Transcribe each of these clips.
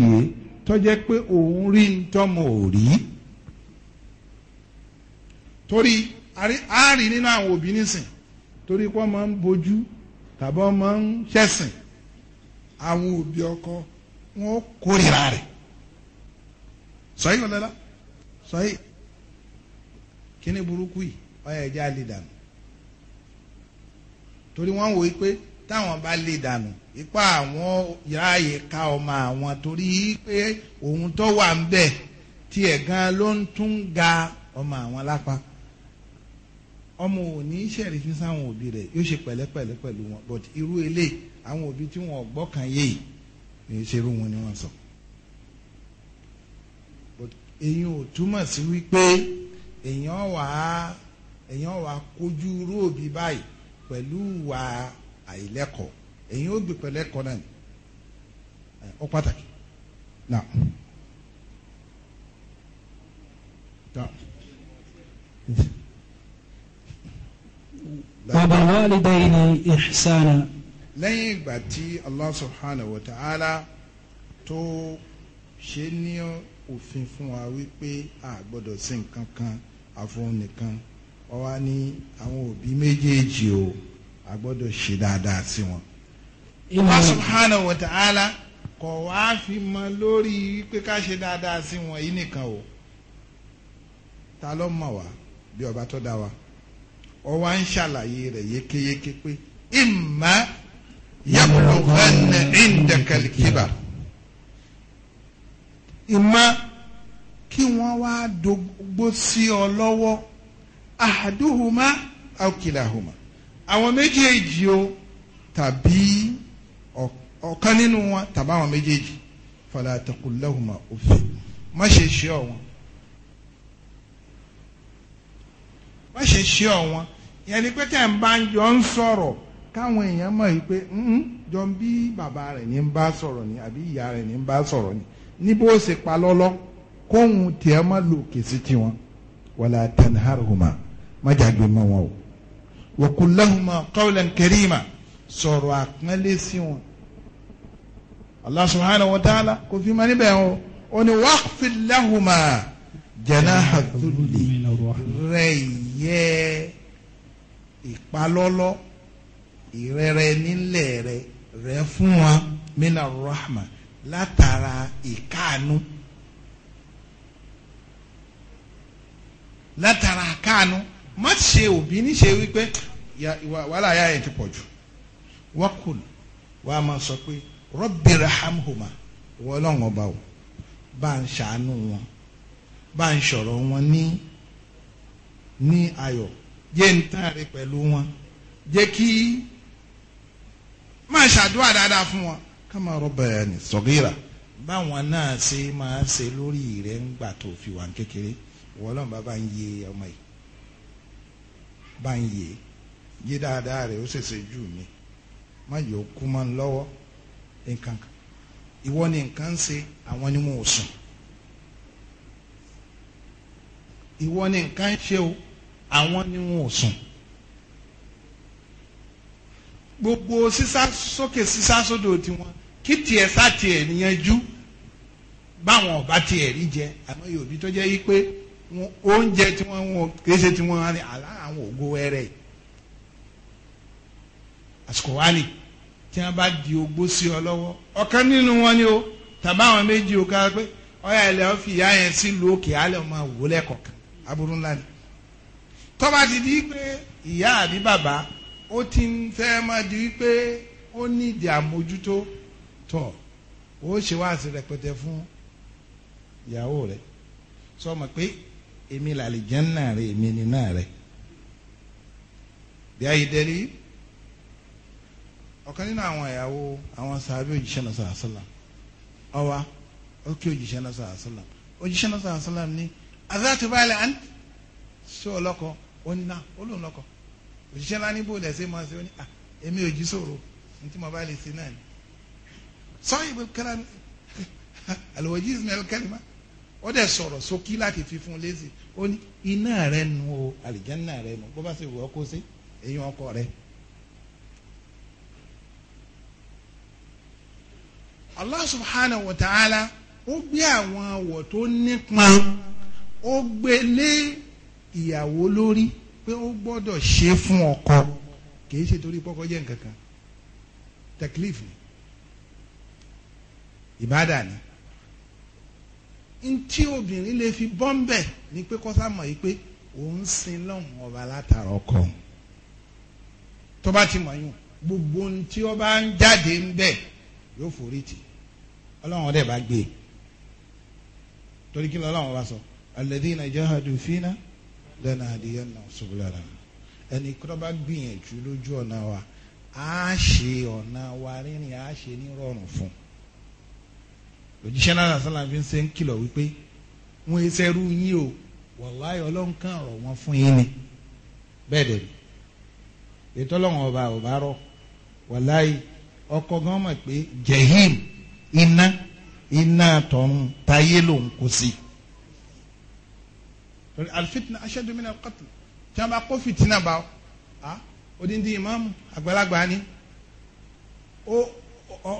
yìí tọ́jẹ́ pé òun rí ntọ́mọ ò rí torí àárín nínú àwọn òbí nísìn torí pé wọ́n máa ń bojú tàbí wọ́n máa ń ṣẹ̀sìn àwọn òbí ọkọ wọn kórìíra rẹ̀ sọyí ọlọ́lá sọyí kíní burúkú yìí ọyọ ẹja lè dànù torí wọ́n wòye pé táwọn bá lè dànù ipá àwọn ráàyè ká ọmọ àwọn torí pé ohun tó wà ń bẹ̀ tiẹ̀ gan ló ń tún ga ọmọ àwọn lápá ọmọ ò ní sẹ̀rí fi sáwọn òbí rẹ̀ yóò ṣe pẹ̀lẹ́pẹ̀lẹ́ pẹ̀lú wọn but irú eléyìí àwọn òbí tí wọn gbọ́kàn yé yìí ṣerú wọn ni wọ́n sọ. èyí ò túmọ̀ sí wípé èyàn wà á èyàn wà á kojú irú òbí báyìí pẹ̀lú wà àìlẹ́kọ̀ọ́ èyí ó gbé pẹ̀lú ẹ̀kọ́ náà ni ó pàtàkì náà. Bàbá walidayni ihsana. Lẹ́yìn ìgbà tí Allah subhanahu wa ta'ala tó ṣe ní òfin fún wa wípé a gbọ́dọ̀ sí nǹkan kan àfọ̀hún nìkan ó wá ní àwọn òbí méjèèjì o a gbọ́dọ̀ ṣe dáadáa sí wọn. Allah subhanahu wa ta'ala kò wá fi mọ lórí pé ká ṣe dáadáa sí wọn yìí nìkan o ta ló mọ̀ wá bí ọba tó dá wa ó wá ń ṣàlàyé rẹ̀ yékéyéké pé imma yablughanna indaka al-kibar kí wọ́n wá dogbo sí ọ lọ́wọ́ ahaduhuma aw kilahuma àwọn méjèèjì o tàbí ọ̀kan nínú wọn tàbí àwọn méjèèjì fala taqul lahuma uff má ṣe ṣe ọ̀wọ́n má ṣe ṣe ọ̀wọ́n yẹn ni pé tẹ̀ ń bá ń jọ ń sọ̀rọ̀ káwọn èèyàn mọ̀ yìí pé jọ ń bí bàbá rẹ̀ ní ń bá sọ̀rọ̀ ni àbí ìyá rẹ̀ ní ń bá sọ̀rọ̀ ni ní bó ṣe pa lọ́lọ́ kóhun tiẹ̀ má lò kèsì tiwọn wala tanharhuma má jágbe mọ́ wọn o wa qul lahuma qawlan karima sọ̀rọ̀ àpọ́nlé sí wọn. Allah subhanahu wa ta'ala kò fi ma níbẹ̀ o ó ní waqfid lahuma janaha dhulli rẹ̀ yẹ ìpalọ́lọ́ ìrẹ́rẹ́ nílẹ̀ rẹ̀ rẹ̀ fún wa mina rahma látara ìkáànú látara káànú má ṣe òbí níṣe wípé wàhálà ayá yẹn ti pọ̀ jù wọ́n kù wàá máa sọ pé Rabbi rahamhuma wọ́n lọ́wọ́n ọba o bá ń ṣàánú wọn bá ń sọ̀rọ̀ wọn ní ní ayọ̀ jẹ́ ń tààrí pẹ̀lú wọn jẹ́ kí máa ṣàdúrà dáadáa fún wọn ká máa rọ́bà ẹ̀ ní sọ̀gíra báwọn náà ṣe máa ṣe lórí rẹ̀ ń gbà tó fi wà kékeré wọ́n lọ́n bàbá ń yé ọmọ yìí bá ń yè yí dáadáa rẹ̀ ó ṣèṣe jù mí má yọ kú mọ́ lọ́wọ́ nǹkan kan ìwọ ni nǹkan ń ṣe àwọn ni mo sùn ìwọ ni nǹkan ń ṣe o àwọn ni mo sùn gbogbo sísá sókè sísá sódò tiwọn kí tiẹ̀ sá tiẹ̀ níyanjú báwọn ọba tiẹ̀ rí jẹ àmọ́ Yorùbá tó jẹ́ yí pé oúnjẹ tí wọ́n wọ́n kìí ṣe tí wọ́n wá ní aláwọn ògo wẹ́rẹ́ àsìkò wá ní tí wọ́n bá di ogbó sí ọ lọ́wọ́ ọ̀kan nínú wọn ni o tàbá àwọn méjì o ká pé ọ̀yà ilẹ̀ ọ̀ fi ìyá yẹn sílùú òkè alẹ́ ọmọ wò lẹ́kọ̀ọ̀kan aburú ńlá ni tọ́ba ti di pé ìyá àbí bàbá ó ti ń fẹ́ máa di pé ó ní ìdí àmójútó tọ̀ ó ṣe wáàsí rẹpẹtẹ fún ìyàwó rẹ̀ sọ ma pé èmi làlìjánná rẹ èmi nínà rẹ bí ayé dẹ́rí ọ̀kan nínú àwọn ìyàwó àwọn sàábé òjíṣẹ́ náà sàrà sàlám ọwa ó kí òjíṣẹ́ náà sàrà sàlám òjíṣẹ́ náà sàrà sàlám ní azáàtú báyìí àǹtí sí ọlọ́kọ ó ní náà ó lóun lọ́kọ òjíṣẹ́ náà ní bóòlù ẹ̀sẹ̀ máa ṣe ó ní à èmi ò sòrò ní tí mo bá lè ṣe náà ni sọ́yìn bó kẹ́ra àlùwọ̀jì ìsìn ẹ̀lẹ́kẹ́lẹ́mà ó dẹ̀ sọ̀rọ̀ sókí láti fi fún un lézì ó ní iná rẹ nu o àlìjánná rẹ nu bó bá ṣe wù ọ́ kó sí èyí ọkọ rẹ. Allah subhanahu wa ta'ala ó gbé àwọn àwọ̀ tó nípa ó gbé lé ìyàwó lórí pé ó gbọ́dọ̀ ṣe fún ọkọ kìí ṣe torí pọ́kọ jẹ́ nǹkan kan ni ìbádà ni ntí obìnrin lè fi bọ́m̀bẹ̀ ni pé kọ́sá mọ̀ yìí pé òun sin lọ́hùn ọba látara ọkọ tó bá ti mọ̀ yún gbogbo ntí ọba ń jáde ń bẹ̀ yóò forí tì ọlọ́run ọdẹ bá gbé e. torí kí lọ́lọ́run bá sọ alladhina jahadu fina lanahdiyanna subulana ẹni kọ́ bá gbìyànjú lójú ọ̀nà wa a ṣe ọ̀nà wa rírìn a ṣe ní rọrùn fún un òjíṣẹ́ náà sọ́la fi ń ṣe ń kìlọ̀ wípé wọ́n ṣẹ́rú yín o wàláhí ọlọ́run kan ọ̀rọ̀ wọn fún yín ni bẹ́ẹ̀ dẹ̀ ètò ọlọ́run ọba ọba rọ wàláhí ọkọ gan mọ̀ pé jehim iná iná tọ̀run táyé lòun kò sí. alfitna ashadu min alqatl tí a bá kó fìtínà bá a odindi imaamu àgbàlagbà ni ó ó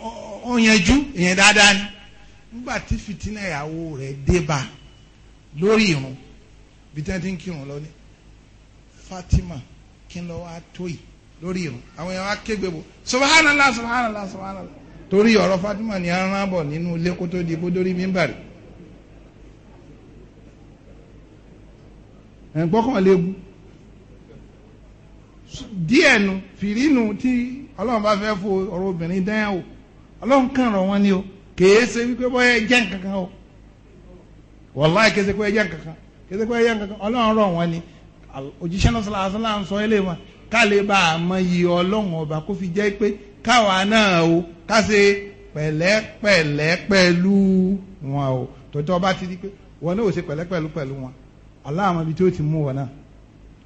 ó yanjú ìyẹn dáadáa ni. nígbà tí fìtínà ìyàwó rẹ̀ dé lórí irun bí tẹ́ ń kírun lọ ní Fatima kí n lórí irun àwọn èèyàn wá kégbe bò subhanallah subhanallah subhanallah torí ọ̀rọ̀ Fatima ni a bọ̀ nínú ilé kó tó di dórí díẹ̀ nu fìrí nu tí ọlọ́run bá fẹ́ ọ̀rọ̀ obìnrin o. kèé ṣe wípé bóyá jẹ́ nkankan o wàláì kèé ṣe pé jẹ́ nkankan kèé ṣe pé jẹ́ nkankan ọlọ́run rọ̀ wọ́n ni òjíṣẹ́ náà sọlá àṣọlá ń sọ ilé wọn ká lè bá a mọ iye ọlọ́run ọba kó fi jẹ́ pé káwa náà o ká ṣe pẹ̀lẹ́pẹ̀lẹ́ wọn o tòótọ́ bá ti di pé wọn náà ò ṣe pẹ̀lẹ́pẹ̀lú pẹ̀lú wọn aláàmọ́ ibi tí ó ti mú wọn náà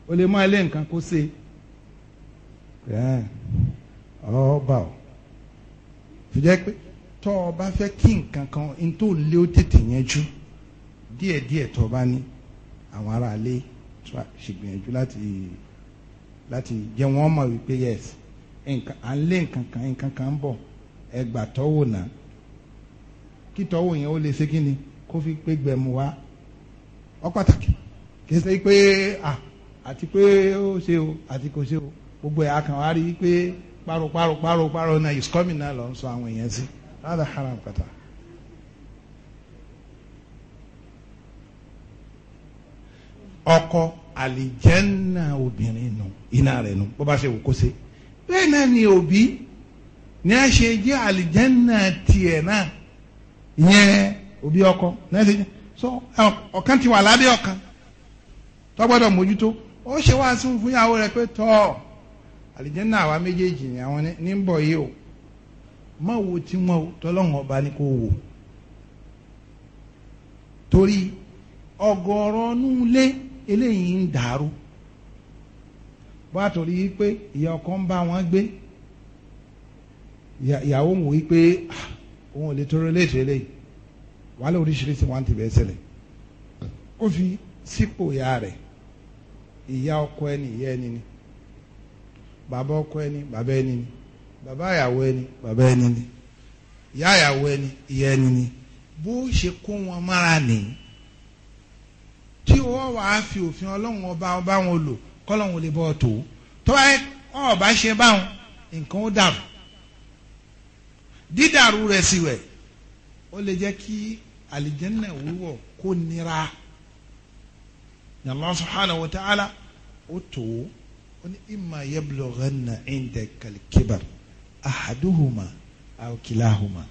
o lè mọ ilé nǹkan kó ṣe ọ bá o fi jẹ́ pé tọ́ ọ bá fẹ́ kí nǹkan kan n tó lé ó tètè yanjú díẹ̀díẹ̀ tọ́ ọ bá ní àwọn ará ilé ṣègbìyànjú láti láti jẹ́ wọ́n mọ̀ wípé yes à ń lé nǹkan kan nǹkan kan ń bọ̀ ẹ gbà tọ́wò náà kí tọ́wò yẹn ó lè ṣe kí ni kó fi pé gbẹ̀mú wá ọ pàtàkì kì í ṣe pé à àti pé ó ṣe o àti kò ṣe o gbogbo ẹ̀ akàn wá rí i pé páro páro páro páro náà is lọ sọ àwọn èèyàn sí. هذا حرام قطعا ọkọ alijanna obìnrin nù iná rẹ̀ nù bó ṣe wò kó ṣe bẹ́ẹ̀ náà ni òbí a ṣe jẹ́ àlìjẹ́nà tiẹ̀ náà ọkọ náà ṣe jẹ́ so ọ̀kan ti wà lábẹ́ ọ̀kan tó gbọ́dọ̀ mójútó ó ṣe wá sí fún ìyàwó pé ni àwọn ní o. má wo tí wọn o tọ́lọ́hún ọba ni kò wò torí ọgọ́rọ̀ nulé eléyìí ń dàrú wá torí pé ìyá ọkọ ń bá wọn gbé ìyàwó wò yí pé ah, òun ò lè tọrọ léètò eléyìí wàhálà oríṣiríṣi wọn ti bẹ́ẹ̀ ṣẹlẹ̀ ó fi sípò ìyá rẹ̀ ìyá ọkọ ẹni ìyá ẹni ni bàbá ọkọ ẹni bàbá ẹni ni bàbá ìyàwó ẹni bàbá ẹni ni ìyá ìyàwó ẹni ìyá ẹni ni bó ṣe kó wọn mára nì tí wọ́n wàá fi òfin ọlọ́run ọba ọba wọn lò kọ́lọ́run lè bọ́ tó tó ọba ṣe báwọn nǹkan ó dàrú dídàrú rẹ̀ sì wẹ̀ ó lè jẹ́ kí àlìjẹ́nà wíwọ̀ kó nira Allah subhanahu wa ta'ala ó tó ó ní imma yablughanna indakal kibar ahaduhuma aokilahuma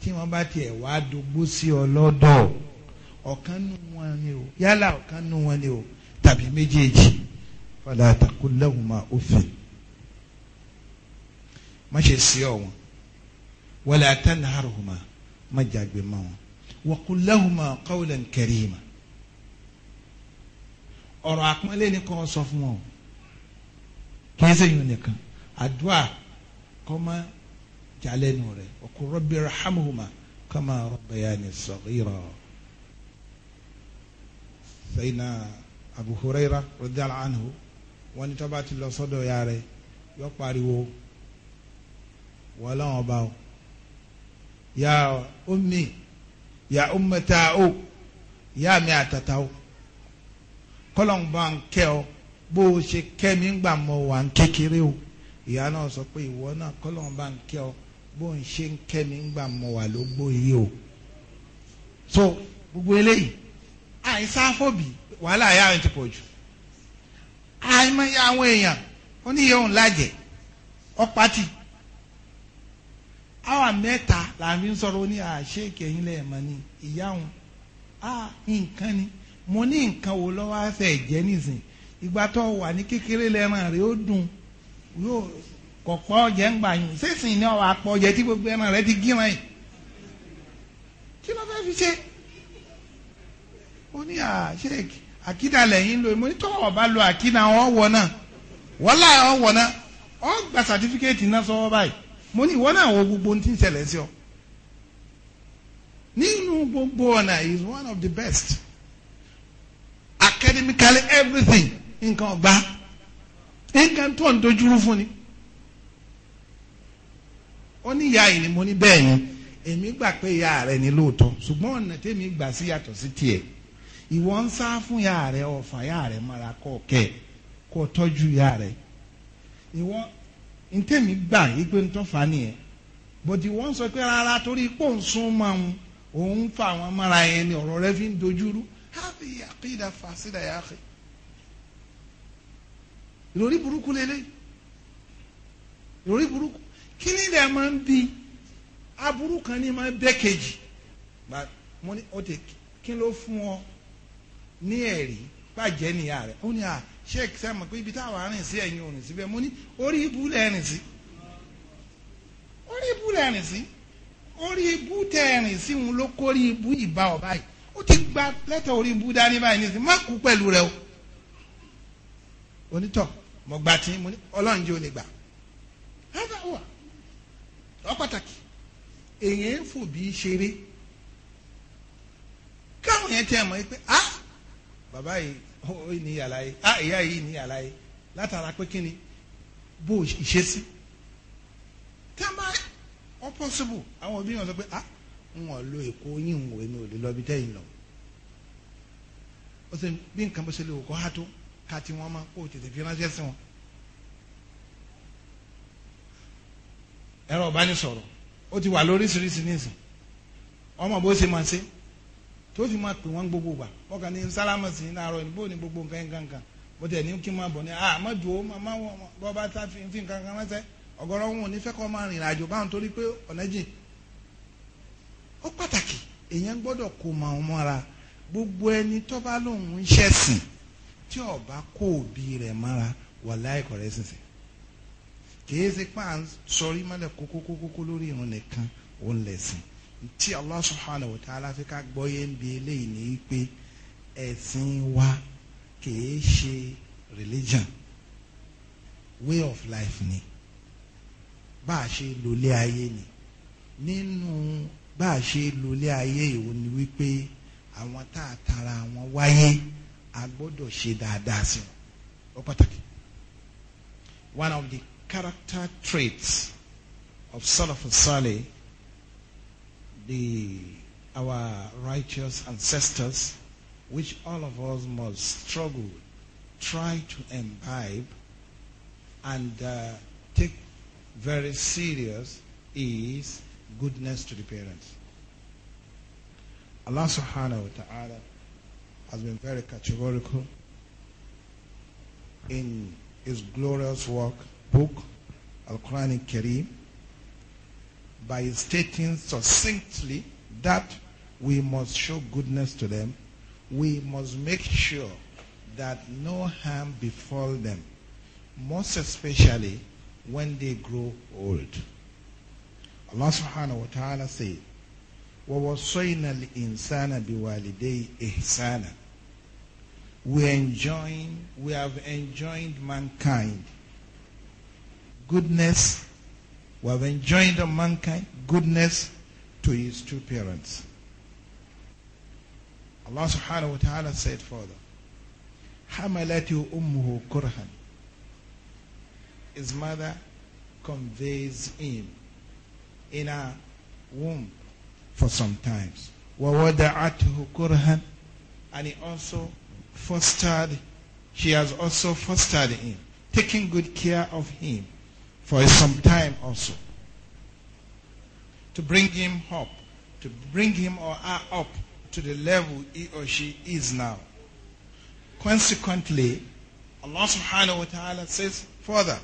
tí wọ́n bá tiẹ̀ wá dogbo sí ọ lọ́dọ̀ ọ̀kan nu wọn ni o yálà ọ̀kan nu wọn ni o tàbí méjèèjì fala takullahuma uffin má ṣe sí ọ wọn wala má jàgbé mọ́ wọn wa kullahuma qawlan karima ọ̀rọ̀ àpọ́nlé ni kò sọ fún wọn kí ẹ sẹ́yìn nìkan àdúrà kọ́má jalẹ́nu rẹ̀ ọkọ rabbi rahamuhuma kama rabbayani saghira sayidina abu huraira radiyallahu anhu wọ́n ní tó bá ti lọ sọ́dọ̀ ya rẹ̀ yọ pariwo wọ́lọ́wọ́n bá o ya ummi ya ummata o ya mi àtàtà o kọ́lọ́n bá ń kẹ́ ọ bó o ṣe kẹ́ mi ń gbà mọ́ wa ń kékeré o. ìyá náà sọ pé ìwọ náà kọ́lọ́n bá ń ọ bó ń ṣe ń kẹ́ mi ń gbà wà ló gbó yìí o. so gbogbo eléyìí àìsáfòbì wàhálà ayé àwọn ti pọ̀ jù àìmọye àwọn èèyàn oníyẹ òun lájẹ mẹ́ta là ń fi sọ̀rọ̀ ó ní àṣẹ ìkẹyìn ni ìyá òun a nǹkan ni mo ní nǹkan wo lọ́wọ́ ìgbà tó wà ní kékeré yóò kọ̀ pọ̀ jẹ́ ń gbà yín sísìn ní ọ̀wà pọ̀ jẹ́ tí gbogbo ẹran rẹ ti gíran yìí kí ló fẹ́ fi ṣe ó ní àṣẹ́kì àkídà lẹ́yìn lóyún mo ní tọ́wọ́ ọba lo àkídà wọn wọ náà wọ́n láì ọ wọ̀ náà ọ gba sàtífíkẹ́ẹ̀tì náà sọ́wọ́ báyìí mo ní ìwọ náà wọ gbogbo ohun tí ń ṣẹlẹ̀ sí ọ nínú gbogbo ọ̀nà is one of the best academically everything nǹkan ọgbà nǹkan tó ń dojúrú fún ni ó ní ìyá yìí ni mo ní bẹ́ẹ̀ ni èmi gbà pé ìyá rẹ ni lóòótọ́ ṣùgbọ́n ọ̀nà tèmi gbà sí yàtọ̀ sí tiẹ̀ ìwọ ń sá fún ìyá rẹ ọ̀fà ìyá rẹ mara kọ́ kẹ́ kó tọ́jú ìyá rẹ ìwọ ntẹ̀mí gbà ipe ntọ́fà nìyẹn bòtí wọ́n sọ pé rárá torí pò ń sún mọ́ àwọn òun fa àwọn mara yẹn ni ọ̀rọ̀ rẹ fi ń dojúrú hábi àkídà fàṣídà yà ìròrí burúkú lélẹ̀ ìròrí burúkú kí ni dẹ̀ máa ń bi aburú kan ní máa ń bẹ́ kejì mo ní ọ̀tẹ̀ kí ló fún ọ ní ẹ̀rí bàjẹ́ nìyá rẹ̀ ó ní à sheik sẹ́mu pé ibi táwọn arìn sí ẹ̀yìn òrìn síbẹ̀ mo ní orí ibú lẹ́rìn sí orí ibú lẹ́rìn sí orí ibú tẹ̀rìn sí òun ló kórí ibú ìbá ọ báyìí ó ti gba lẹ́tọ̀ orí ibú dání báyìí nísìnyí má kú pẹ̀lú rẹ o onítọ̀ mo gba tí mo ní ọlọ́run jẹ́ o lè gbà ẹ̀ka wà ọ pàtàkì èyàn ń fò bí ṣeré káwọn yẹn tẹ́ ẹ̀ mọ́ pé ah bàbá yìí ó ní yàrá ah ìyá yìí ní yàrá yìí látara pé kí ni bó ìṣesí tẹ́ máa ọ pọ́sibù àwọn òbí wọn sọ pé ah ń wọ́n lo èkó yín wò èmi ò lè lọ bí tẹ́yìn lọ ó sì bí nǹkan bó ṣe lè wò kó há tó. ka wọn ma kó o tètè fi ránṣẹ́ sí wọn. ẹ̀rọ ìbánisọ̀rọ̀ ó ti wà lóríṣiríṣi nísìn ọmọ bó ṣe máa ṣe tó fi máa pè wọ́n gbogbo gbà ọkàn ní sálámà sí gbogbo nǹkan nǹkan kan bó tẹ̀ ní kí n máa bọ̀ ní à ah, má jò ó má wọ́n bọ́ bá tá fi nǹkan kan ránṣẹ́ ọ̀gọ́rọ̀ wọn ní fẹ́ máa rìnrìn àjò báwọn torí pé ọ̀nà gbogbo ẹni tó bá lóun ń tí ọba kó òbí rẹ̀ mọ́ra wà láì kọ̀rẹ́ sísè kìí ṣe pé à ń sọrí mọ́lẹ̀ kókókókó lórí irun nìkan ó ń tí Allah subhanahu wa ta'ala fi ká gbọ́yé ń bi eléyìí ní pé ẹ̀sìn wa kìí ṣe religion way of life ni bá a ṣe lólé ayé ni nínú bá a ṣe lólé ayé ìwọ ni wípé àwọn tá a tara àwọn wáyé. ṣe dáadáa sí wọn ó pàtàkì one of the character traits of Salafus Saleh the our righteous ancestors which all of us must struggle try to imbibe and uh, take very serious is goodness to the parents. Allah subhanahu wa ta'ala has been very categorical in his glorious work, book, Al-Quran Kareem, by stating succinctly that we must show goodness to them. We must make sure that no harm befall them, most especially when they grow old. Allah subhanahu wa ta'ala says, وَوَصَّيْنَا الْإِنسَانَ بِوَالِدَيْهِ إِحْسَانًا We enjoin, we have enjoined mankind goodness, we have enjoined on mankind goodness to his two parents. Allah subhanahu wa ta'ala said further, حَمَلَتْهُ أُمُّهُ كُرْهًا His mother conveys him in her womb for some times. وَوَدَعَتْهُ كُرْهًا And he also fostered, she has also fostered him, taking good care of him for some time also. To bring him up, to bring him or her up to the level he or she is now. Consequently, Allah subhanahu wa ta'ala says further,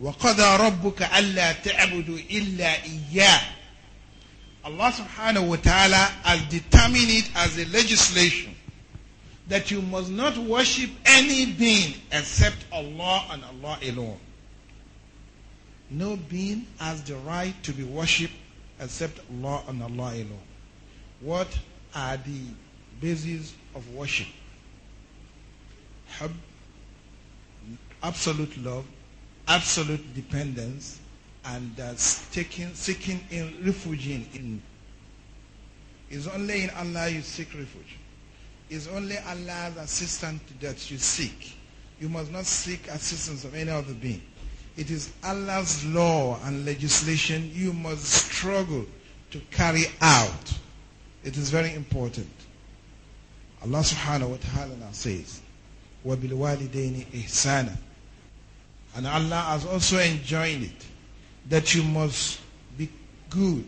وَقَضَى رَبُّكَ أَلَّا تَعْبُدُوا إِلَّا إِيَّاهُ Allah subhanahu wa ta'ala has determined it as a legislation that you must not worship any being except Allah and Allah alone. No being has the right to be worshipped except Allah and Allah alone. What are the bases of worship? absolute love, absolute dependence, and uh, taking, seeking in refuge in, in. It's only in Allah you seek refuge. It's only Allah's assistance that you seek. You must not seek assistance of any other being. It is Allah's law and legislation you must struggle to carry out. It is very important. Allah subhanahu wa ta'ala says, وَبِالْوَالِدَيْنِ إِحْسَانًا And Allah has also enjoined it that you must be good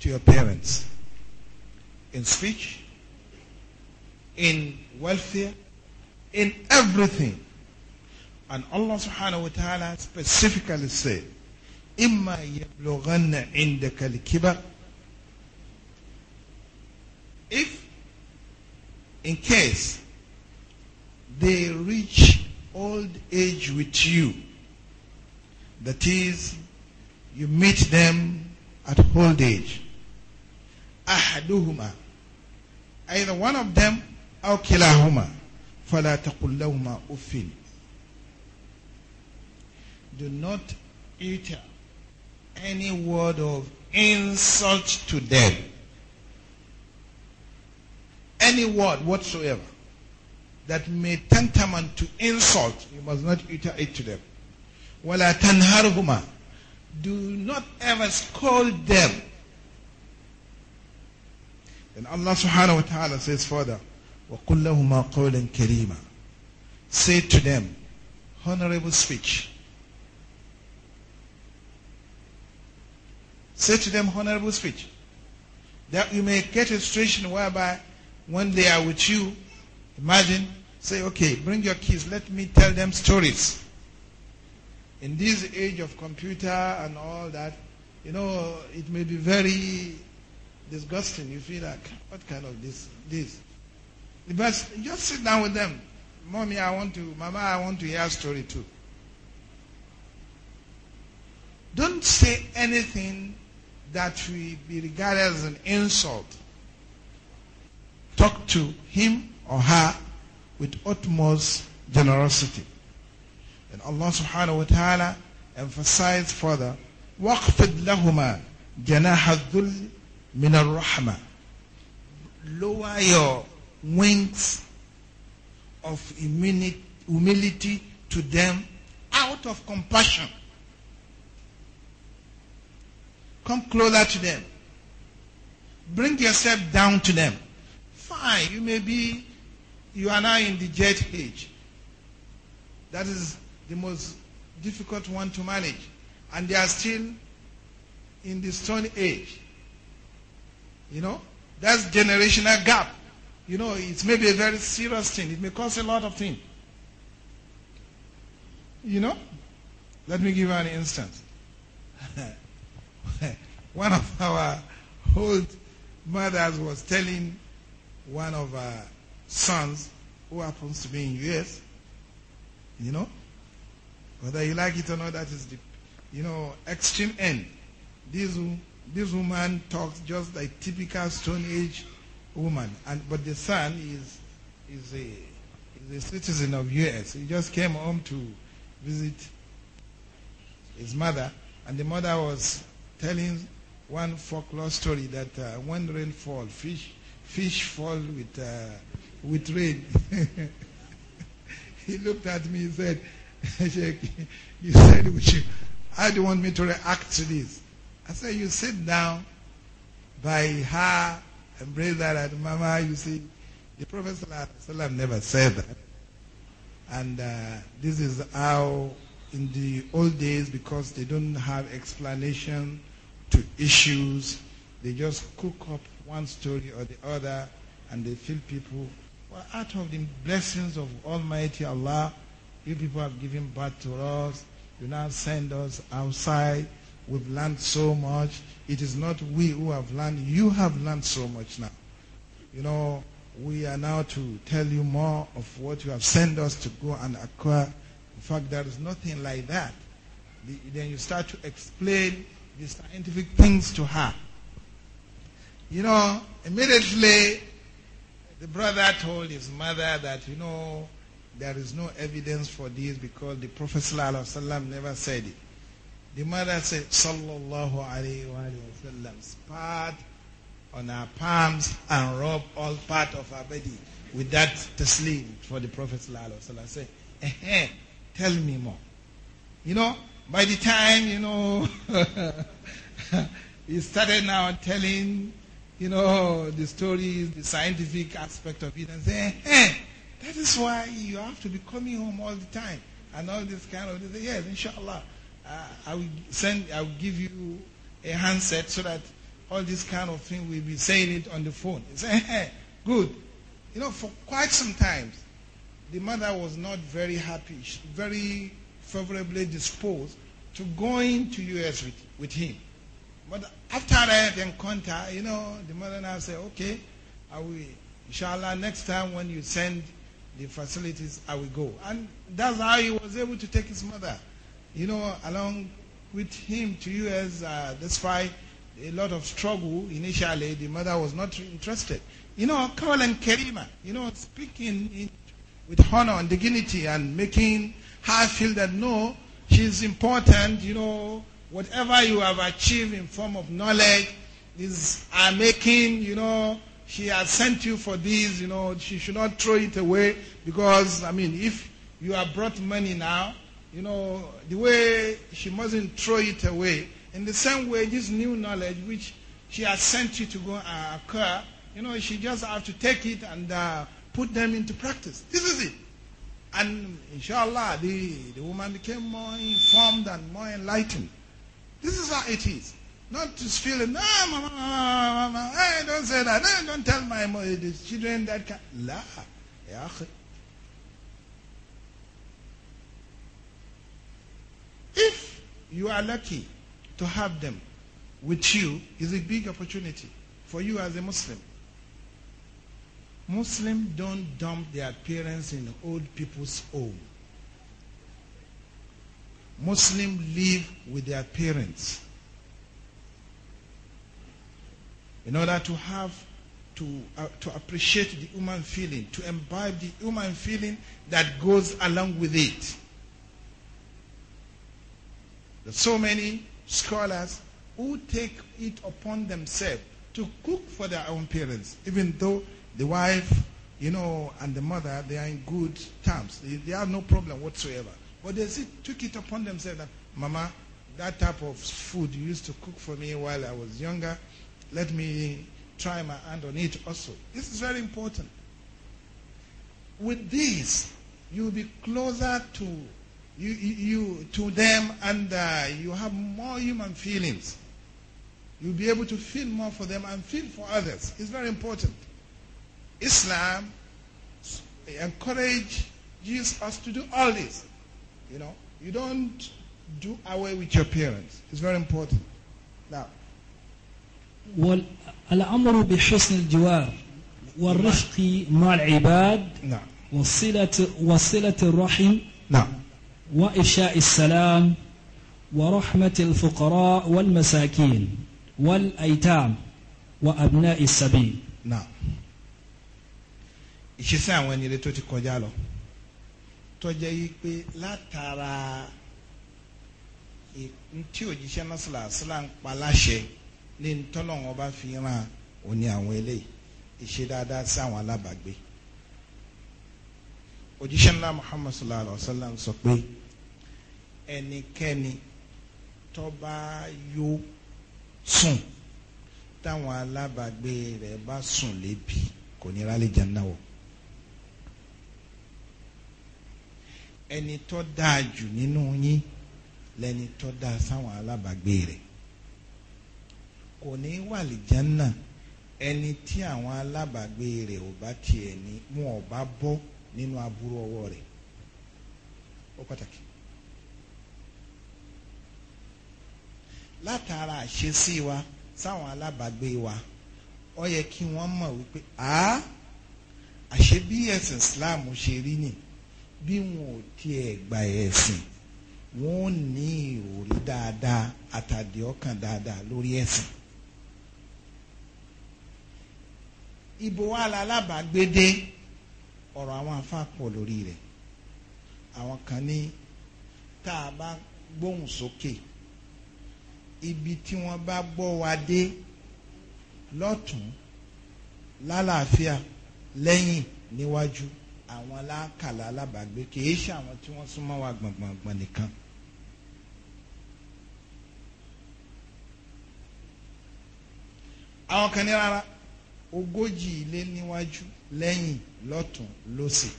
to your parents in speech, in welfare, in everything. And Allah subhanahu wa ta'ala specifically said, إما يبلغن عندك الكبر if in case they reach old age with you that is you meet them at old age. أحدهما either one of them or كلاهما fala تقل لهما do not utter any word of insult to them any word whatsoever that may tantamount to insult you must not utter it to them ولا تنهرهما do not ever scold them. And Allah subhanahu wa ta'ala says further, وَقُلْ لَهُمَا قَوْلًا كَرِيمًا Say to them, honorable speech. Say to them, honorable speech. That you may get a situation whereby when they are with you, imagine, say, okay, bring your kids, let me tell them stories in this age of computer and all that, you know, it may be very disgusting. You feel like, what kind of this? this? But just sit down with them. Mommy, I want to, Mama, I want to hear a story too. Don't say anything that will be regarded as an insult. Talk to him or her with utmost generosity. Then Allah subhanahu wa ta'ala emphasized further, وَاقْفِدْ لَهُمَا جَنَاحَ الذُّلِّ مِنَ الرَّحْمَةِ Lower your wings of humility to them out of compassion. Come closer to them. Bring yourself down to them. Fine, you may be, you are now in the jet age. That is the most difficult one to manage. And they are still in the stone age. You know, that's generational gap. You know, it may be a very serious thing. It may cause a lot of things. You know, let me give you an instance. one of our old mothers was telling one of our sons who happens to be in US, you know, whether you like it or not, that is the, you know, extreme end. This, this woman talks just like typical Stone Age woman, and but the son is is a is a citizen of U.S. He just came home to visit his mother, and the mother was telling one folklore story that uh, when rain fall, fish fish fall with uh, with rain. he looked at me and said, you said, you, how do you want me to react to this? I said, you sit down by her, embrace her, and mama, you see, the Prophet ﷺ never said that. And uh, this is how, in the old days, because they don't have explanation to issues, they just cook up one story or the other, and they fill people. Well, out of the blessings of Almighty Allah, you people have given birth to us. You now send us outside. We've learned so much. It is not we who have learned. You have learned so much now. You know, we are now to tell you more of what you have sent us to go and acquire. In fact, there is nothing like that. The, then you start to explain the scientific things to her. You know, immediately the brother told his mother that, you know, there is no evidence for this because the Prophet ﷺ never said it. The mother said, Sallallahu Alaihi Wasallam, spat on our palms and rub all part of our body with that taslim for the Prophet ﷺ. said, eh, tell me more. You know, by the time, you know, he started now telling, you know, the stories, the scientific aspect of it, and say, eh, that is why you have to be coming home all the time and all this kind of thing. Yes, inshallah. Uh, I will send, I will give you a handset so that all this kind of thing will be saying it on the phone. Say, hey, good. You know, for quite some time, the mother was not very happy, very favorably disposed to going to U.S. with, with him. But after that encounter, you know, the mother now said, okay, I will, inshallah, next time when you send the facilities, I will go. And that's how he was able to take his mother, you know, along with him to US uh, despite a lot of struggle initially. The mother was not interested. You know, Kawal and Kerima, you know, speaking in, with honor and dignity and making her feel that no, she's important, you know, whatever you have achieved in form of knowledge is are making, you know, she has sent you for this, you know, she should not throw it away because, I mean, if you have brought money now, you know, the way she mustn't throw it away. In the same way, this new knowledge which she has sent you to go and acquire, you know, she just have to take it and uh, put them into practice. This is it. And inshallah, the, the woman became more informed and more enlightened. This is how it is. Not just feeling, No, mama, mama, mama, hey, don't say that. Hey, don't tell my mother the children that can. La, If you are lucky to have them with you, is a big opportunity for you as a Muslim. Muslims don't dump their parents in old people's home. Muslims live with their parents. in order to have to, uh, to appreciate the human feeling, to imbibe the human feeling that goes along with it. are so many scholars who take it upon themselves to cook for their own parents, even though the wife, you know, and the mother, they are in good terms. They, they have no problem whatsoever. But they see, took it upon themselves that, Mama, that type of food you used to cook for me while I was younger, let me try my hand on it also. This is very important. With this, you'll be closer to you, you to them, and uh, you have more human feelings. You'll be able to feel more for them and feel for others. It's very important. Islam encourages us to do all this. You know, you don't do away with your parents. It's very important. Now, والأمر بحسن الجوار والرفق مع العباد نعم وصلة وصلة الرحم نعم وإفشاء السلام ورحمة الفقراء والمساكين والأيتام وأبناء السبيل نعم ìṣesí àwọn ẹni rẹ tó ti kọjá lọ tó jẹ́ yìí pé látara tí òjíṣẹ́ náà sílà sílà ń pa láṣẹ ní ntọ́lọ́wọ́n bá fi ràn òní àwọn eléyìí ìṣe dáadáa sí àwọn alábàágbé òjíṣẹ́ ńlá muhammad sallallahu alayhi wa sallam sọ pé ẹnikẹ́ni tó bá yó sùn táwọn alábàágbé rẹ̀ bá sùn lébi kò ní rálẹ̀ janna wọ̀ ẹni tó dáa jù nínú yín lẹni tó dáa sáwọn alábàágbé rẹ̀ kò ní wà lìjánà ẹni tí àwọn alábàágbé rẹ̀ ò bá tiẹ̀ ní wọn ò bá bọ́ nínú aburú ọwọ́ rẹ̀ ó pàtàkì. látara àṣesí wa sáwọn alábàágbé wa ó yẹ kí wọ́n mọ̀ wípé àá àṣé bí ẹ̀sìn Islam ṣe rí ni bí wọn ò tiẹ̀ gba ẹ̀sìn wọn ò ní ìròrí dáadáa àtàdé ọkàn dáadáa lórí ẹ̀sìn. ibo wa la alábàágbédé ọ̀rọ̀ àwọn afa pọ̀ lórí rẹ̀ àwọn kan ní tá a bá gbóhùn sókè ibi tí wọ́n bá gbọ́ wa dé lọ́tún lálàáfíà lẹ́yìn níwájú àwọn alákàlà alábàágbé kìí ṣe àwọn tí wọ́n súnmọ́ wa gbọ̀ngbọ̀ngbọ̀n nìkan. àwọn kan ní rárá ogójì ilé níwájú lẹ́yìn lọ́tún lósì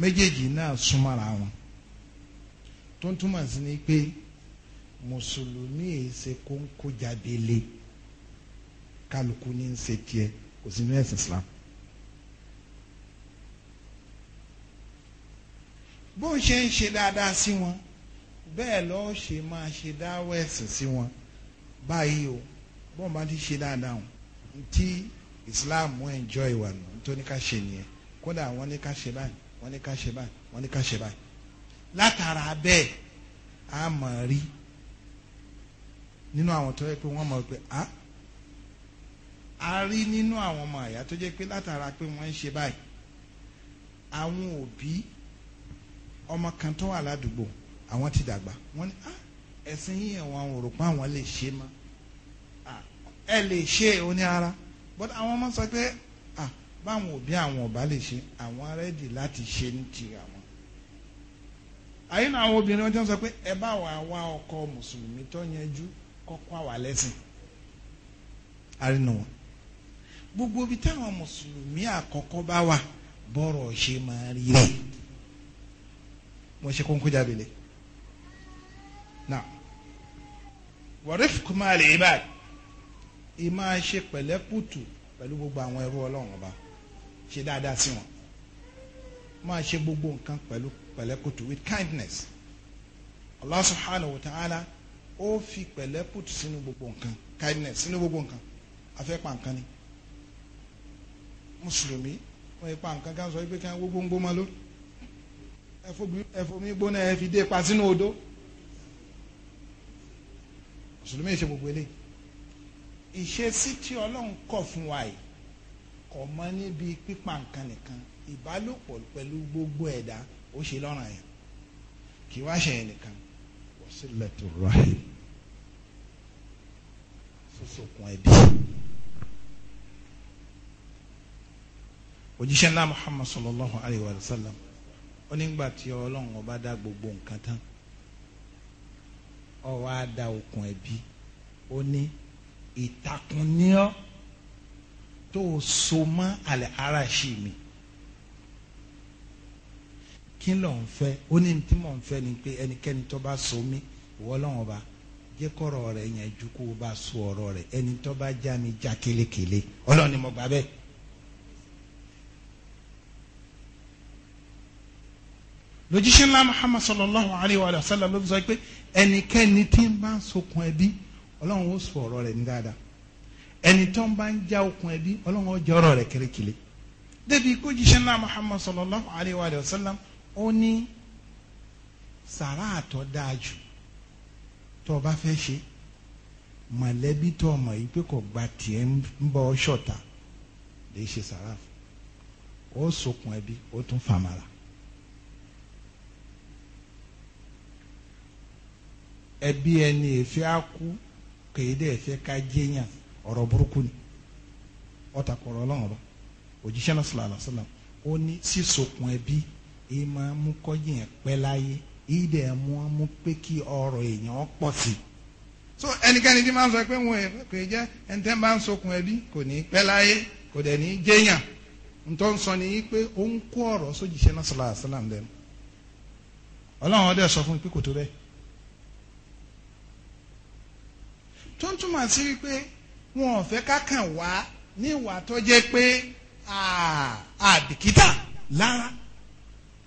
méjèèjì náà súnmọ́ra wọn tó ń túmọ̀ sí ni pé mùsùlùmí èyí ṣe kó ń kó jáde lé kálukú ní ń ṣe tiẹ̀ kò sí ní ẹ̀sìn Islam. bó ṣe ń ṣe dáadáa sí wọn bẹ́ẹ̀ lọ́ọ́ ṣe máa ṣe dáwọ́ ẹ̀sìn sí wọn báyìí o bọ́n bá ti ṣe dáadáa tí Islam wọ́n enjoy wà nù tó ní ká ṣe nìyẹn kódà wọ́n ní ká ṣe báyìí wọ́n ní ká ṣe báyìí wọ́n ní ká ṣe báyìí látara bẹ́ẹ̀ a mọ̀ rí nínú àwọn tó yẹ pé wọ́n mọ̀ pé a a rí nínú àwọn ọmọ àyà tó jẹ́ pé látara pé wọ́n ń ṣe báyìí àwọn òbí ọmọ kan tó wà ládùúgbò àwọn ti dàgbà wọ́n ní a ẹ̀sìn yìí ẹ̀wọ̀n àwọn òròpá àwọn lè ṣe mọ́ ẹ lè ṣe òní ara but àwọn ọmọ sọ pé ah báwọn òbí àwọn ọba lè ṣe àwọn rẹ́dì láti ṣe ní ti àwọn. àyìn náà àwọn obìnrin wọn ti sọ pé ẹ bá wa wá ọkọ mùsùlùmí tó yanjú kọ́kọ́ àwa lẹ́sìn àrínà wọn. gbogbo ibi táwọn mùsùlùmí àkọ́kọ́ bá wà bọ́rọ̀ ṣe máa rí rẹ̀ wọ́n ṣe kónkó jábìlẹ̀. now wàrífù kùmà lè báyìí ìmá ṣe pẹ̀lẹ́pùtù pẹ̀lú gbogbo àwọn ẹrú ọlọ́run ọba ṣe dáadáa sí wọn máa ṣe gbogbo nǹkan pẹ̀lú pẹ̀lẹ́pùtù with kindness Allah subhanahu wa ta'ala ó fi pẹ̀lẹ́pùtù sínú gbogbo nǹkan kindness sínú gbogbo nǹkan afẹ́pà nǹkan ni mùsùlùmí wọ́n ipa nǹkan kan sọ wípé kí wọ́n gbogbo máa ló ẹ̀fọ́mi gbóná ẹ̀ fi dé pa sínú odó mùsùlùmí ṣe gbogbo eléyìí ìṣesí tí ọlọ́run kọ̀ fún wa yìí kọ̀ mọ́ níbi pípa nǹkan nìkan ìbálòpọ̀ pẹ̀lú gbogbo ẹ̀dá ó ṣe lọ́ràn yẹn kì í wá ṣe yẹn nìkan wasilatur rahim sọ́sọ̀kun ẹbí. òjíṣẹ́ ńlá muhammad sallallahu alayhi wa sallam ó nígbà tí ọlọ́run ọba dá gbogbo nǹkan tán ó wá dá okùn ẹbí ó ní ìtàkùn ní ọ tó o so mọ́ àlẹ́ ara ṣì mi kí ló ń fẹ́ ó ní tí mò ń fẹ́ ni pé ẹnikẹ́ni tó bá so mí ìwọ lọ́wọ́n ba jẹ́ kọ́rọ̀ rẹ̀ yẹn ju kó o bá so ọ̀rọ̀ rẹ̀ ẹni tó bá já mi já kélékèlé ọlọ́run ni mo gbà bẹ́ẹ̀. lójúṣe ńlá Muhammad sallallahu alayhi wa sallam ló sọ pé ẹnikẹ́ni tí ń bá ń sokun ẹbí ọlọ́run ó sọ ọ̀rọ̀ rẹ̀ ní dáadáa ẹni tó ń bá ń já okùn ẹbí ọlọ́run ó jẹ́ ọ̀rọ̀ rẹ̀ kérékèlé débi kó jíṣẹ́ ńlá muhammad sallallahu alayhi wa sallam ó ní sàrà tó dáa jù tó o bá fẹ́ ṣe mọ̀lẹ́bí tó o mọ̀ yìí pé kò gba tiẹ̀ ń bọ́ ṣọ̀tà lè ṣe sàrà ó sokùn ẹbí ó tún fàmàlà. ẹbí ẹni èéfì á kú kèé dẹ̀ fẹ́ ka jẹ́yàn ọrọ burúkú ni ọ̀tà kọrọ ọrọ ọba òjíṣẹ́ náà sọ̀rọ̀ àlàsọ̀là ó ní sísokùn ẹbí èyí máa mú kọ́yìn pẹ́ láyé èyí dẹ̀ mú mú pé kí ọrọ èèyàn pọ̀ sí so ẹnikẹ́ni tí máa ń sọ pé wọn kò jẹ́ ẹni máa ń sokùn ẹbí kò ní láyé kò dẹ̀ ní ntọ́ ń sọ ni pé ó ń kó náà ọdẹ sọ tó ń túmọ̀ sí wípé wọn ò fẹ́ ká kàn wá ní ìwà tó jẹ́ pé àbìkítà lára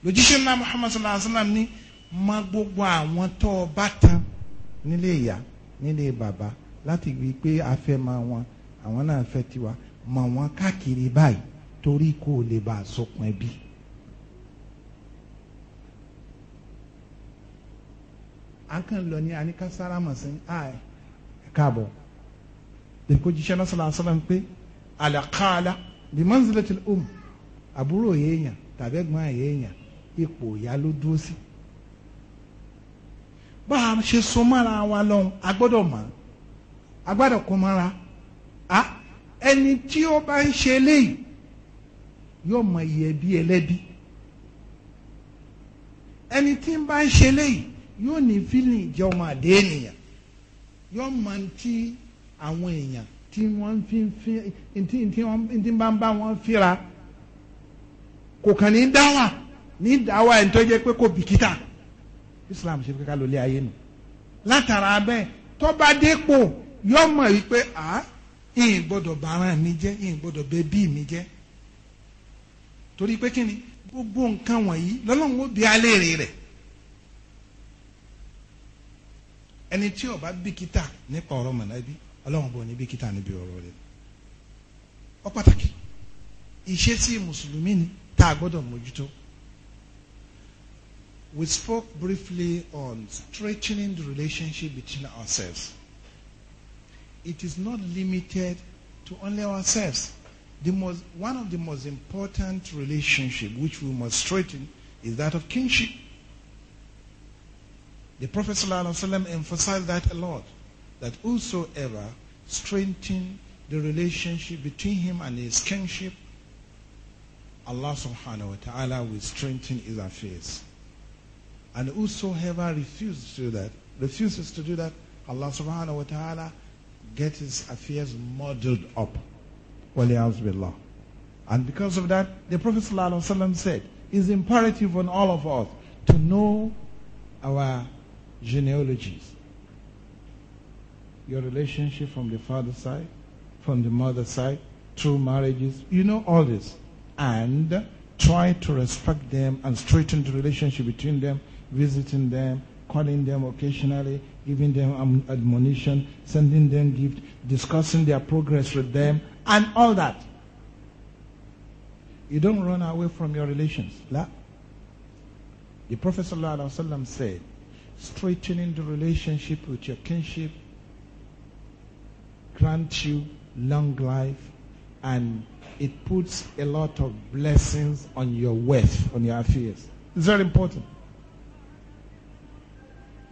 lójíṣẹ́ ńlá muhammad sallallahu alayhi wa sallam ní ma gbogbo àwọn tó o bá tan nílé ìyá nílé bàbá láti gbé pé a fẹ́ ma wọn àwọn náà fẹ́ tiwa mọ̀ wọn káàkiri báyìí torí kó lè bá a sọkùn ẹbí. a kàn lọ ní aníkàsára mọ̀ sí káàbọ̀ dèkò jíṣẹ́ náà sọ̀rọ̀ àṣọ náà pé àlàkàlà bí mọ́nsílẹ̀tì ọ̀m àbúrò yéèyàn tàbí ẹ̀gbọ́n yéèyàn ipò ìyá ló dúró sí. bá a ṣe so mára wa lọ́hùn a gbọ́dọ̀ mọ̀ a gbọ́dọ̀ kó mára a ẹni tí ó bá ń ṣe eléyìí yóò mọ iye ẹbí ẹlẹ́bí ẹni tí ń bá ń ṣe eléyìí yóò ní fílìn ìjọ àdé ènìyàn yóò mọ ti àwọn èèyàn tí wọ́n fi ń fi ntí ntí wọ́n ntí bá ń bá wọn fira kò kàn ní dáwà ní dáwà ẹni tó pé kò bìkítà Islam ṣe fi ká lólé ayé nù látara bẹ́ẹ̀ tọ́ba dépò yóò mọ̀ wípé à ìyìn gbọ́dọ̀ bàrán mi jẹ́ ìyìn gbọ́dọ̀ bẹ́bí mi jẹ́ torí pé kí ni gbogbo nǹkan wọ̀nyí lọ́lọ́run ó bi alẹ́ rẹ̀ ẹni tí ó bá nípa ọ̀rọ̀ mọ̀lẹ́bí ọlọ́run bò ní bìkítà níbi ọ̀rọ̀ rẹ̀ ọ pàtàkì ìṣesí mùsùlùmí ni tá a gbọ́dọ̀ mójútó. We spoke briefly on strengthening the relationship between ourselves. It is not limited to only ourselves. The most, one of the most important relationship which we must strengthen is that of kinship. The Prophet ﷺ emphasized that a lot, that whosoever strengthen the relationship between him and his kinship, Allah subhanahu wa ta'ala will strengthen his affairs. And whosoever refuses to do that, refuses to do that, Allah subhanahu wa ta'ala gets his affairs muddled up. Billah. And because of that, the Prophet ﷺ said, it's imperative on all of us to know our genealogies. Your relationship from the father's side, from the mother's side, through marriages, you know all this. And try to respect them and straighten the relationship between them, visiting them, calling them occasionally, giving them admonition, sending them gifts, discussing their progress with them, and all that. You don't run away from your relations. La. The Prophet ﷺ said, straightening the relationship with your kinship, grant you long life, and it puts a lot of blessings on your wealth, on your affairs. It's very important.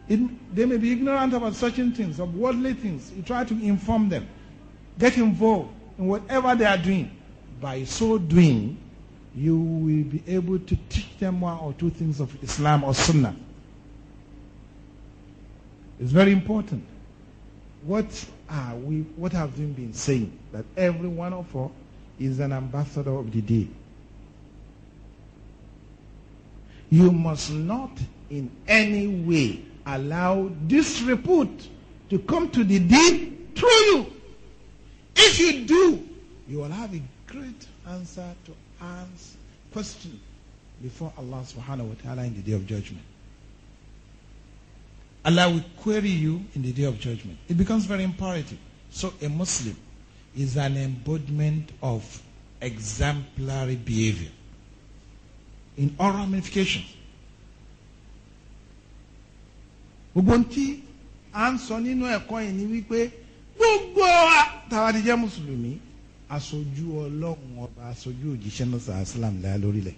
It, they may be ignorant about certain things, of worldly things. You try to inform them. Get involved in whatever they are doing. By so doing, you will be able to teach them one or two things of Islam or Sunnah. It's very important. What are we, what have we been saying? That every one of us is an ambassador of the day. You must not in any way allow disrepute to come to the day through you. If you do, you will have a great answer to answer question before Allah subhanahu wa ta'ala in the day of judgment. Allah will query you in the day of judgment. It becomes very imperative. So a Muslim is an embodiment of exemplary behavior in all ramifications. Gbogbo ntí à ń sọ nínú ẹ̀kọ́ yìí ni wípé gbogbo àtàwádìjẹ́ Mùsùlùmí aṣojú Ọlọ́run ọba aṣojú òjíṣẹ́ náà sàásìlám láà lórílẹ̀.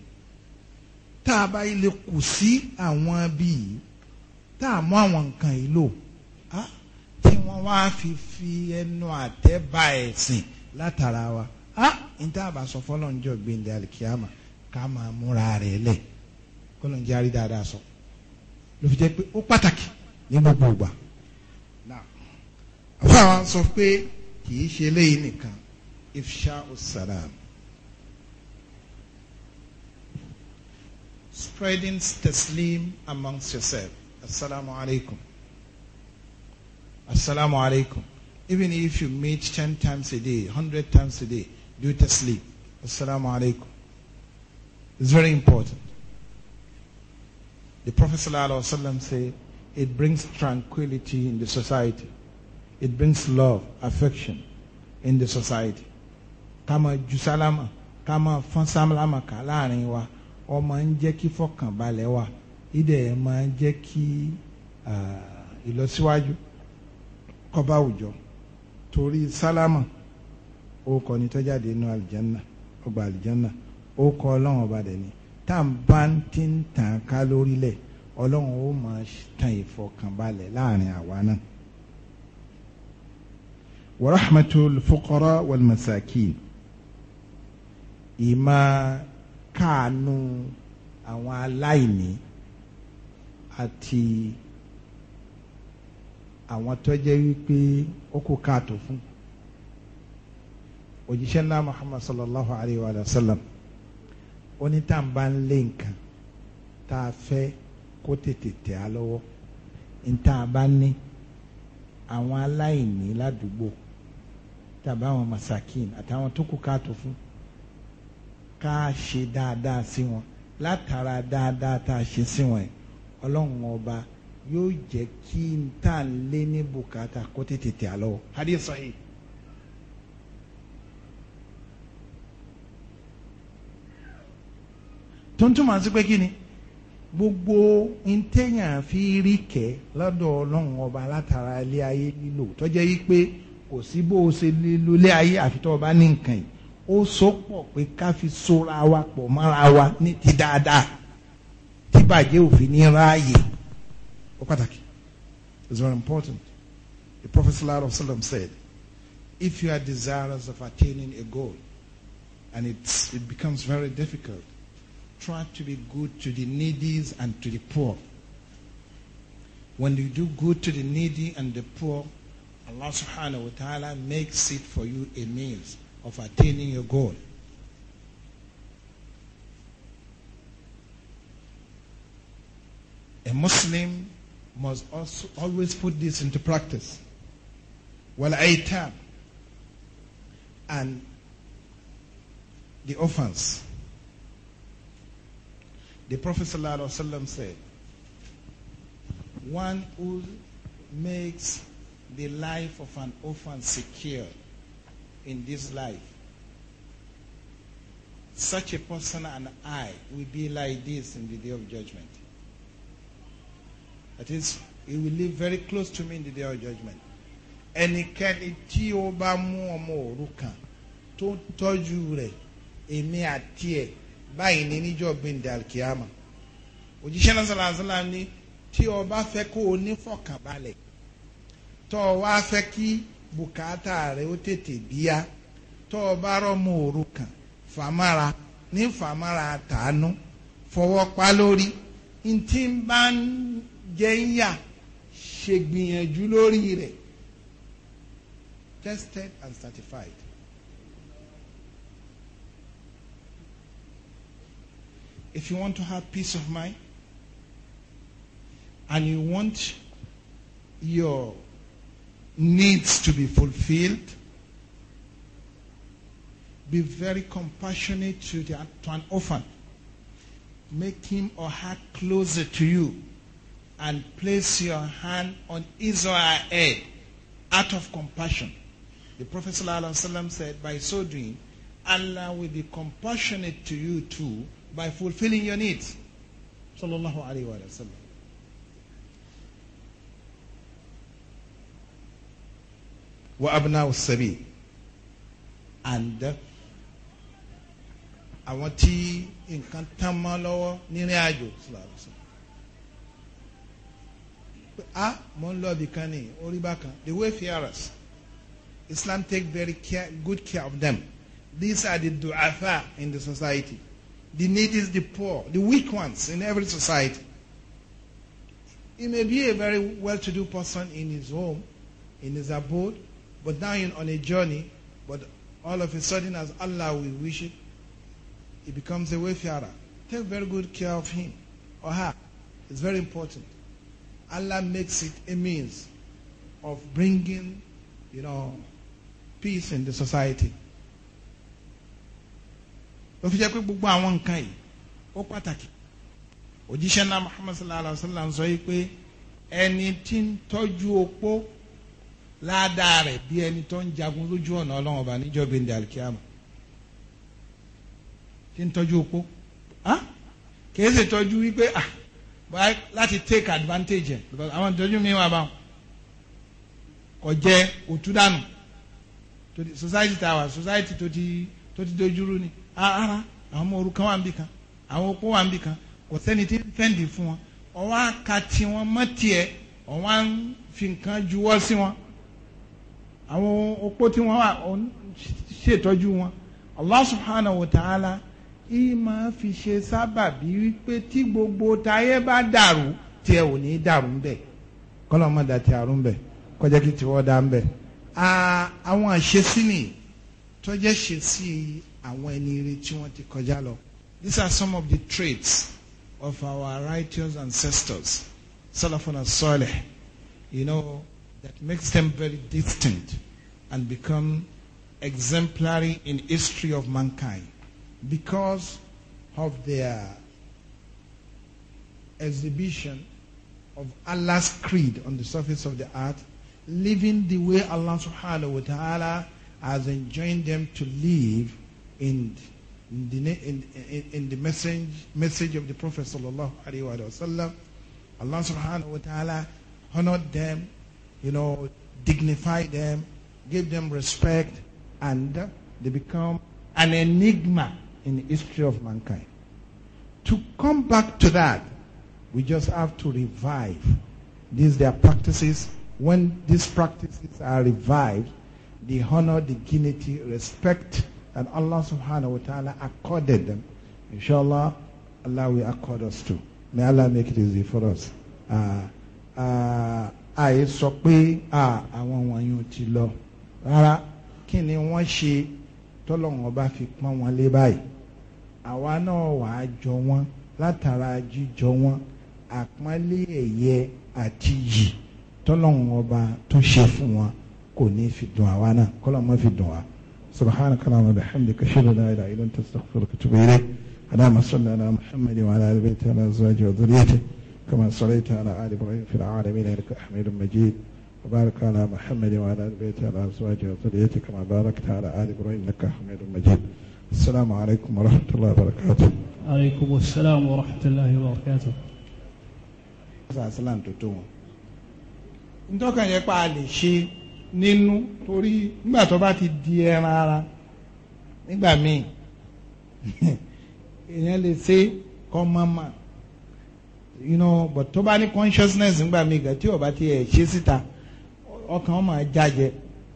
Tá a bá ilé kù sí àwọn bíi tá a mú àwọn nǹkan yìí lò á tí wọ́n wá fi fi ẹnu àtẹ́ ba ẹ̀sìn látara wa á n tá a bá sọ fọlọ́njọ́ gbẹ̀ndẹ̀ alikiyama ká máa múra rẹ̀ lẹ̀ kọ́lọ́njẹ́ àrí dáadáa sọ ló fi jẹ́ pé ó pàtàkì ní gbogbo ìgbà àfa wa sọ pé kì í ṣe eléyìí nìkan ifṣa usalam spreading taslim amongst yourself. Assalamu alaikum. Assalamu alaikum. Even if you meet 10 times a day, 100 times a day, do it sleep, Assalamu alaikum. It's very important. The Prophet said, it brings tranquility in the society. It brings love, affection in the society. Kama jusalama, kama fansamlama ka láàrin wa, ọmọ ń jẹ́ kí ìdẹ̀ máa jẹ́ kí ìlọsíwájú kó bá àwùjọ torí sálámà ó kọ ní tó jáde inú àlìjánná ọgbà àlìjánná ó kọ ọlọ́run ọba dẹ̀ ni tá à ń bá ti ń tàn ká lórílẹ̀ ọlọ́run ó máa tan ìfọkànbalẹ̀ láàrin àwa náà. warahmatul fuqara wal masakin ìmọ̀ káànú àwọn aláìní àti àwọn tó jẹ́ wípé ó kó káàtó fún òjíṣẹ́ ńlá muhammad sallallahu alayhi wa sallam onítàǹbà ń lé nǹkan tá a fẹ́ kó tètè tẹ̀ á lọ́wọ́ ntàǹbà ní àwọn aláìní ládùúgbò tàbí àwọn masakin àtàwọn tó kó káàtó fún ká ṣe dáadáa sí wọn látara dáadáa tá a ṣe sí wọn yìí ọlọ́run ọba yóò jẹ́ kí n tà lé ní bùkátà kó tètè tẹ̀ àlọ́ hadi sahih. tuntun máa ń sí pé kí ni gbogbo ntẹ̀yàn fi rí kẹ́ lọ́dọ̀ ọlọ́run ọba látara ilé ayé lílò tọ́jẹ́ yí pé kò sí bó o ṣe lílo ilé ayé àfitọ́ ọba ní nǹkan yìí ó so pọ̀ pé ká fi sora wa pọ̀ mọ́ra wa ní ti dáadáa. tí bàjẹ́ ní ráàyè ó pàtàkì it's very important the prophet sallallahu alaihi wasallam said if you are desirous of attaining a goal and it's, it becomes very difficult try to be good to the needy and to the poor when you do good to the needy and the poor Allah subhanahu wa ta'ala makes it for you a means of attaining your goal A Muslim must also always put this into practice. Well, aitab and the offense. The Prophet ﷺ said, one who makes the life of an orphan secure in this life, such a person and I will be like this in the day of judgment. that is he will live very close to me in the day of judgment ẹnikẹ́ni tí ó bá mú ọmọ òrukàn tó tọ́jú rẹ̀ èmi àti ẹ̀ báyìí ní níjọ́ gbẹ̀ndẹ̀ alkiyama òjíṣẹ́ náà sàlàsàlà ni tí o bá fẹ́ kó o ní fọkànbalẹ̀ tó o wá fẹ́ kí bùkátà rẹ̀ ó tètè bíyá tó o bá rọ́mọ òrukàn fàmárà ní fàmárà tàánú fọwọ́ pa lórí ntí bá ń jẹ́ńyà ṣègbìyànjú lórí rẹ̀ tested and certified. If you want to have peace of mind and you want your needs to be fulfilled, be very compassionate to, the, to an orphan. Make him or her closer to you and place your hand on his or her head out of compassion. The Prophet said, by so doing, Allah will be compassionate to you too by fulfilling your needs. Sallallahu alayhi wa sallam. وَأَبْنَاءُ sabi. And awati uh, in tí nǹkan tán Sallallahu alayhi wa sallam ah mo Lord, lọ ibìkan ni the wayfarers Islam take very care, good care of them these are the du'afa in the society the needy the poor the weak ones in every society he may be a very well-to-do person in his home in his abode but now on a journey but all of a sudden as Allah will wish it he becomes a wayfarer take very good care of him or her it's very important Allah makes it a means of bringing, you know, peace in the society. Ó fi jẹ́ pé gbogbo àwọn nǹkan yìí ó pàtàkì. Òjíṣẹ́ náà Muhammad sallallahu alayhi wa sallam sọ yìí pé ẹni tí ń tọ́jú opó ládàá rẹ̀ bí ẹni tó ń jagun lójú ọ̀nà ọlọ́run ọba níjọ́ gbẹ̀ndẹ̀ alikiyama. Tí ń tọ́jú opó. Ah! Kì ṣe tọ́jú wípé ah báyìí láti take advantage ẹ̀ because àwọn ìtọ́jú mi wà báwọn kò jẹ́ òtún dànù society ta wà society tó ti tó ti dojúrú ni ara àwọn ọmọ òrukàn wà níbì kan àwọn opó wà níbì kan kò sẹ́ni tí ń fẹ́ǹdì fún wọn ọwọ́ aka tí wọ́n mọ́ tiẹ̀ ọ̀wọ́n á fi nǹkan juwọ́ sí wọn àwọn opó tí wọ́n wà ṣètọ́jú wọn Allah subhanahu wa ta'ala yìí fi ṣe sábàbí wípé tí gbogbo tayé bá dàrú tiẹ̀ ò ní dàrú ńbẹ̀ kọ́lọ́ má da ti àrùn ńbẹ̀ kọjá kí tiwọ́ dá ńbẹ̀. àwọn àṣesí ni ṣe sí àwọn ẹni ire tí wọ́n ti kọjá lọ. These are some of the traits of our righteous ancestors, Salafun Salih, you know, that makes them very distinct and become exemplary in history of mankind. because of their exhibition of Allah's creed on the surface of the earth, living the way Allah subhanahu wa ta'ala has enjoined them to live in the, in, in, in the message, message of the Prophet sallallahu alaihi wasallam. Allah subhanahu wa ta'ala honored them, you know, dignified them, gave them respect, and they become an enigma in the history of mankind. To come back to that, we just have to revive these their practices. When these practices are revived, the honor, the dignity, respect that Allah subhanahu wa ta'ala accorded them, inshallah, Allah will accord us too. May Allah make it easy for us. Uh, uh, I sọ pé àwọn wọ̀nyí ti lọ rárá kí ni wọ́n ṣe tọ́lọ́wọ́n bá fi pọ́n wọn lé báyìí. àwa náà wàá jọ wọ́n látara jíjọ wọ́n àpọ́nlé ẹ̀yẹ àti yì tọ́lọ́hún ọba tó ṣe fún wọn kò ní fi dùn àwa náà kọ́lọ́ mọ́ fi dùn wa. سبحانك اللهم وبحمدك اشهد ان لا اله الا انت استغفرك واتوب اليك اللهم صل على محمد وعلى ال بيته وعلى ازواجه وذريته كما صليت على ال ابراهيم في العالمين انك حميد مجيد وبارك على محمد وعلى ال بيته وعلى ازواجه وذريته كما باركت على ال ابراهيم انك حميد مجيد السلام عليكم ورحمة الله وبركاته عليكم السلام ورحمة الله وبركاته sàlám tó tó wọn. ntọ́kàn yẹn pa a lè ṣe nínú torí nígbà tó bá ti di ẹran ara nígbà míì èèyàn lè ṣe kọ́ mọ́mọ́ you know but tó bá ní consciousness nígbà míì gà tí ó bá ti ẹ̀ ṣe síta ọkàn ó máa jájẹ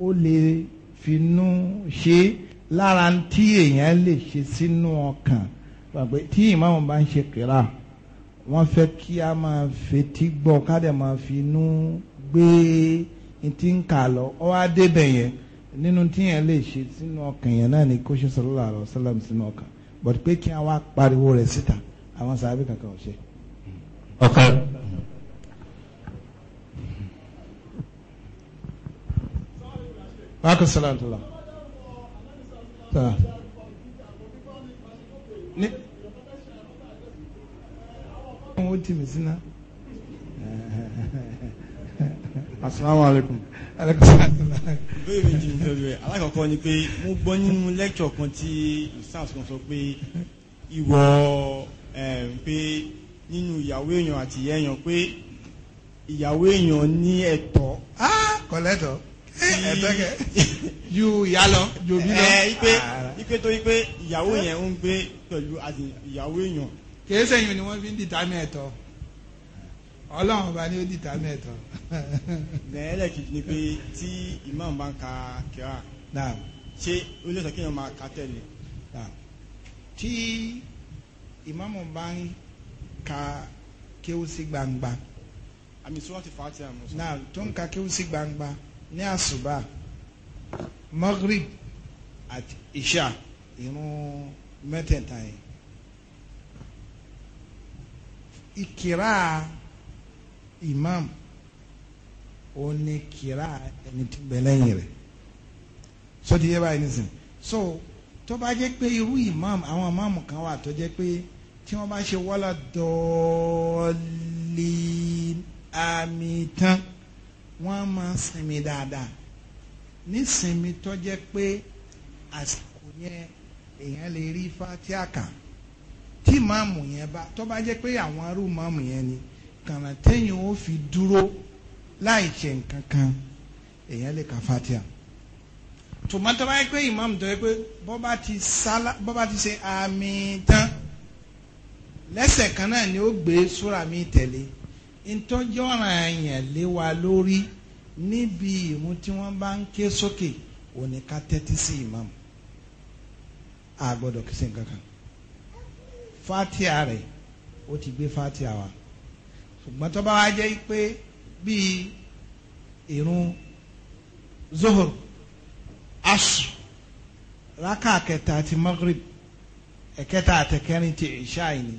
ó lè finú ṣe lára tí èèyàn lè ṣe sínú ọkàn pàpẹ tí ìmáàmù bá ń ṣe kíra wọ́n fẹ́ kí a máa fetí gbọ́ ká dẹ̀ máa fi inú gbé ti ń kà lọ ọ wá débẹ̀ yẹn nínú tí yẹn lè ṣe sínú ọkàn yẹn náà ni kó ṣe sallallahu alaihi wasallam sínú ọkàn bọ̀dù pé kí wọ́n á pariwo rẹ̀ síta àwọn sàábì kankan ò ṣe. ọ̀kan. wàá kọ́ sọ́lá ntọ́lá ta ní. wọ́n ti mi sínú. asalaamualeykum. ìbéèrè mi ti ń tẹ̀lé ẹ̀ alákọ̀ọ́kọ́ ni pé mo gbọ́ nínú lẹ́kṣọ̀ kan tí sars kan sọ pé ìwọ eh, pé nínú ìyàwó èèyàn àti ìyá èèyàn pé ìyàwó èèyàn ní ẹ̀tọ́. Ah, kọ̀lẹ́tọ̀ ẹ̀tọ́ kẹ́ ju ìyá lọ ju lọ. ẹ eh, ipe ah. ipe tó ipe ìyàwó yẹn ń gbé pẹ̀lú àti ìyàwó èèyàn. kìí sẹ́yìn ni wọ́n fi ń dìtà mẹ́ẹ̀tọ́ ọlọ́run ọba ni ó dìtà mẹ́ẹ̀tọ́. bẹ́ẹ̀lẹ̀ kìí ni pé tí imam bá ń ka kíra ṣé ó lè sọ kí èèyàn máa ka tẹ̀lé. tí imam bá ń ka kéwú sí gbangba. àmì sọ́wọ́n ti fà á ti àmọ́ sọ. náà tó ń ka kéwú sí gbangba ní àsùbà maghrib àti isha irun mẹ́tẹ̀ẹ̀ta yẹn ìkìrá imam ó ní kìrá ẹni tí bẹ lẹ́yìn rẹ̀ sọ́dí yẹ́ báyìí nísìnyí so tó bá jẹ́ pé irú imam àwọn imam kan wà tó jẹ́ pé tí wọ́n bá ṣe wọ́lá dọ́ọ̀lì àmì tán wọ́n máa sinmi dáadáa nísinmi tó jẹ́ pé àsìkò yẹn èèyàn lè rí fatia kan tí máàmù yẹn bá tó bá jẹ́ pé àwọn arú máàmù yẹn ni kànà téèyàn ó fi dúró láì ṣe nǹkan kan èèyàn lè ka fatia tòmọ́ tó bá yẹ pé ìmáàmù tó yẹ pé bọ́ bá ti sálá bọ́ bá ti ṣe àmì tán lẹ́sẹ̀ kan náà ni ó gbé súra mi tẹ̀lé ntọ́jọ́ ràn yàn lé wa lórí níbi ìrun tí wọ́n bá ń ké sókè òní ká tẹ́tí sí imam a gbọ́dọ̀ kí sí nǹkan kan fatia rẹ̀ ó ti gbé fatia wa ṣùgbọ́n tó bá wá jẹ́ pé bíi ìrun zohor asr raka kẹta àti maghrib ẹ̀kẹta àtẹ̀kẹrin ti ìṣáì ni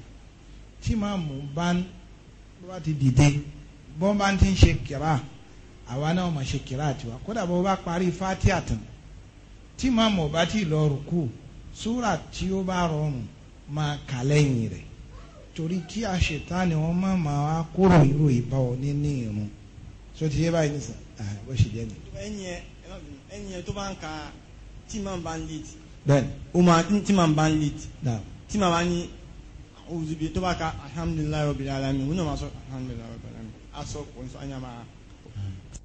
tí màmú bá ń bá ti dìde bọ́n bá ti ń ṣe kíra àwa náà mọ̀ ṣe kíra àtiwá kódà bó bá parí fatiha tán tí màmú ọba tí lọ rùkú súrà tí ó bá rọrùn máa kà lẹ́yìn rẹ̀ torí kí àṣetánì wọn má máa kúrò irú ìbá ọ nínú irun so ti yé báyìí nìsín bó ṣe jẹ́ ni. ẹni yẹn tó bá ń ka tí màá bá ń lead. bẹ́ẹ̀ni. ó máa tí màá bá ń lead. tí màá bá ní òzùbí tó bá ka alhamdulilayi rabbil alamin òun náà máa sọ alhamdulilayi rabbil alamin aṣọ òun sọ anyamara.